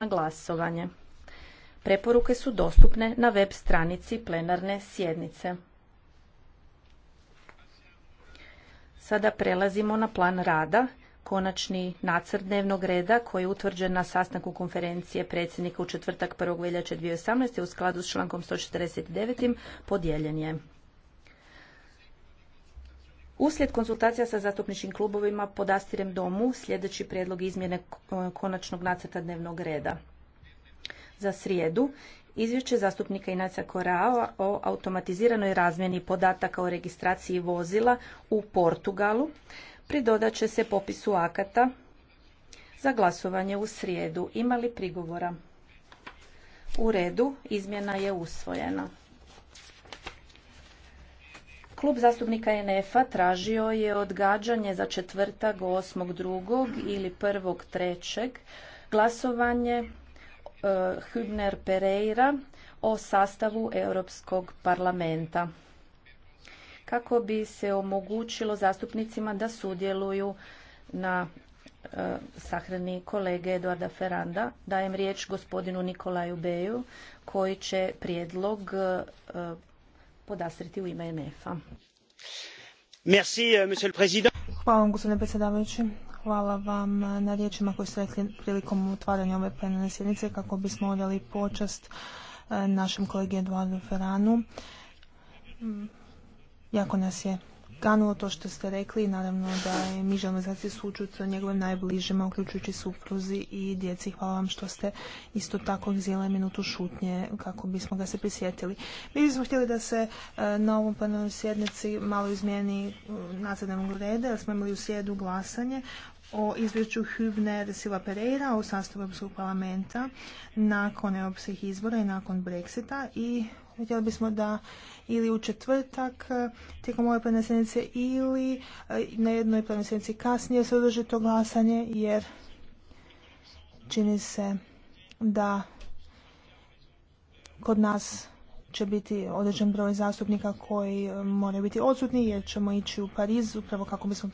na glasovanje. Preporuke su dostupne na web stranici plenarne sjednice. Sada prelazimo na plan rada, konačni nacrt dnevnog reda koji je utvrđen na sastanku konferencije predsjednika u četvrtak 1. veljače 2018. u skladu s člankom 149. podijeljen je. Uslijed konsultacija sa zastupničkim klubovima podastirem domu sljedeći prijedlog izmjene konačnog nacrta dnevnog reda. Za srijedu izvješće zastupnika Inaca Korao o automatiziranoj razmjeni podataka o registraciji vozila u Portugalu pridodat će se popisu akata za glasovanje u srijedu. Ima li prigovora? U redu, izmjena je usvojena. Klub zastupnika NF-a tražio je odgađanje za četvrtak 8.2. ili 1.3. glasovanje e, Hübner Pereira o sastavu Europskog parlamenta kako bi se omogućilo zastupnicima da sudjeluju na e, sahrani kolege Eduarda Feranda, Dajem riječ gospodinu Nikolaju Beju koji će prijedlog e, podastrijeti u ime a euh, Hvala vam, gospodine predsjedavajući. Hvala vam euh, na riječima koje ste rekli prilikom otvaranja ove plenarne sjednice kako bismo odali počast euh, našem kolegi Eduardu Ferranu. Mm, jako nas je Kanulo to što ste rekli naravno da je mi želimo izraziti sučut njegovim najbližima, uključujući supruzi i djeci. Hvala vam što ste isto tako vzijeli minutu šutnje kako bismo ga se prisjetili. Mi bismo htjeli da se e, na ovom plenarnoj sjednici malo izmijeni e, nacrednog reda, jer smo imali u sjedu glasanje o izvješću Hübner Sila Pereira u sastavu Europskog parlamenta nakon europskih izbora i nakon Brexita i Htjeli bismo da ili u četvrtak e, tijekom ove plenarne ili e, na jednoj plenarnoj sjednici kasnije se održi to glasanje jer čini se da kod nas će biti određen broj zastupnika koji e, moraju biti odsutni jer ćemo ići u Pariz upravo kako bismo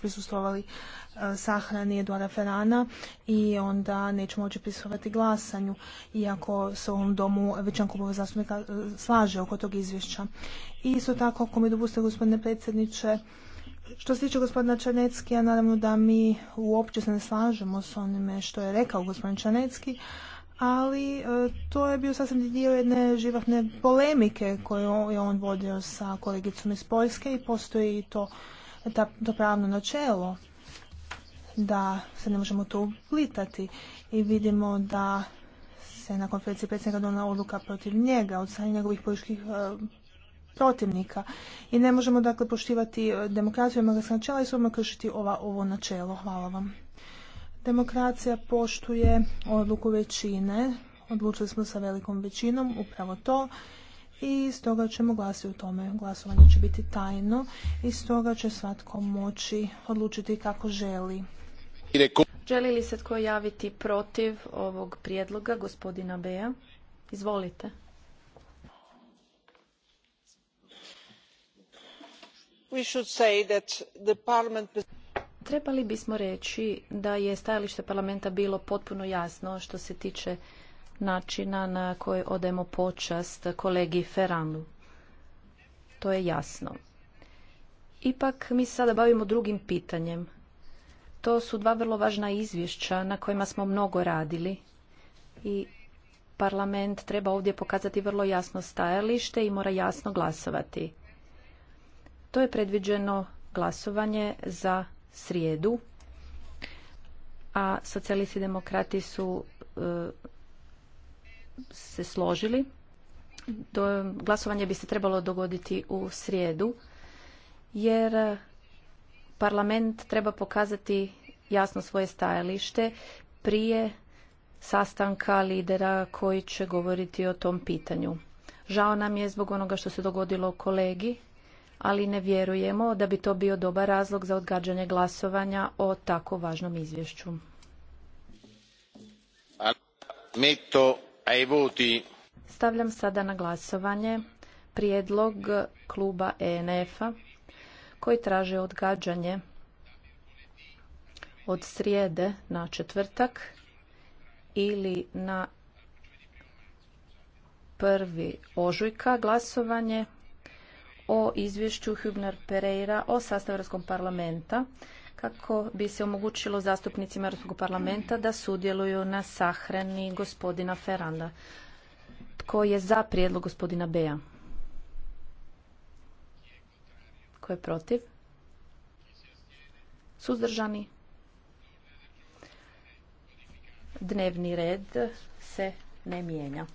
prisustvovali e, sahrani Eduara Ferana i onda nećemo moći prisustvovati glasanju iako se u ovom domu većan klubova zastupnika e, slaže oko tog izvješća. I isto tako, ako mi dopuste gospodine predsjedniče, što se tiče gospodina ja naravno da mi uopće se ne slažemo s onime što je rekao gospodin Čanecki, ali e, to je bio sasvim dio jedne životne polemike koju je on vodio sa kolegicom iz Poljske i postoji to, ta, to pravno načelo da se ne možemo tu uplitati i vidimo da se na konferenciji predsjednika dona odluka protiv njega od strane njegovih političkih e, protivnika i ne možemo dakle poštivati demokraciju i načela i svojmo kršiti ova, ovo načelo. Hvala vam. Demokracija poštuje odluku većine. Odlučili smo sa velikom većinom upravo to i stoga ćemo glasiti u tome. Glasovanje će biti tajno i stoga će svatko moći odlučiti kako želi. Želi li se tko javiti protiv ovog prijedloga gospodina Beja? Izvolite. We Trebali bismo reći da je stajalište parlamenta bilo potpuno jasno što se tiče načina na koje odemo počast kolegi Ferranu. To je jasno. Ipak mi se sada bavimo drugim pitanjem. To su dva vrlo važna izvješća na kojima smo mnogo radili i parlament treba ovdje pokazati vrlo jasno stajalište i mora jasno glasovati. To je predviđeno glasovanje za srijedu, a socijalisti i demokrati su e, se složili. glasovanje bi se trebalo dogoditi u srijedu, jer parlament treba pokazati jasno svoje stajalište prije sastanka lidera koji će govoriti o tom pitanju. Žao nam je zbog onoga što se dogodilo kolegi ali ne vjerujemo da bi to bio dobar razlog za odgađanje glasovanja o tako važnom izvješću. Stavljam sada na glasovanje prijedlog kluba ENF-a koji traže odgađanje od srijede na četvrtak ili na prvi ožujka glasovanje o izvješću Hübner Pereira o sastavu Europskog parlamenta kako bi se omogućilo zastupnicima Europskog parlamenta da sudjeluju na sahrani gospodina Feranda. Tko je za prijedlog gospodina Beja? Tko je protiv? Suzdržani? Dnevni red se ne mijenja.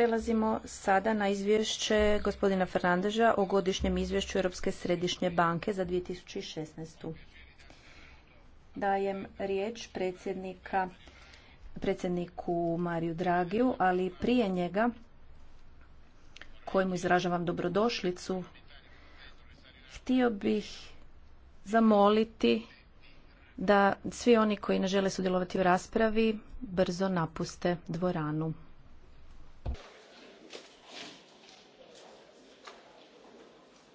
Prelazimo sada na izvješće gospodina Fernandeža o godišnjem izvješću Europske središnje banke za 2016. Dajem riječ predsjednika, predsjedniku Mariju Dragiju, ali prije njega, kojemu izražavam dobrodošlicu, htio bih zamoliti da svi oni koji ne žele sudjelovati u raspravi brzo napuste dvoranu.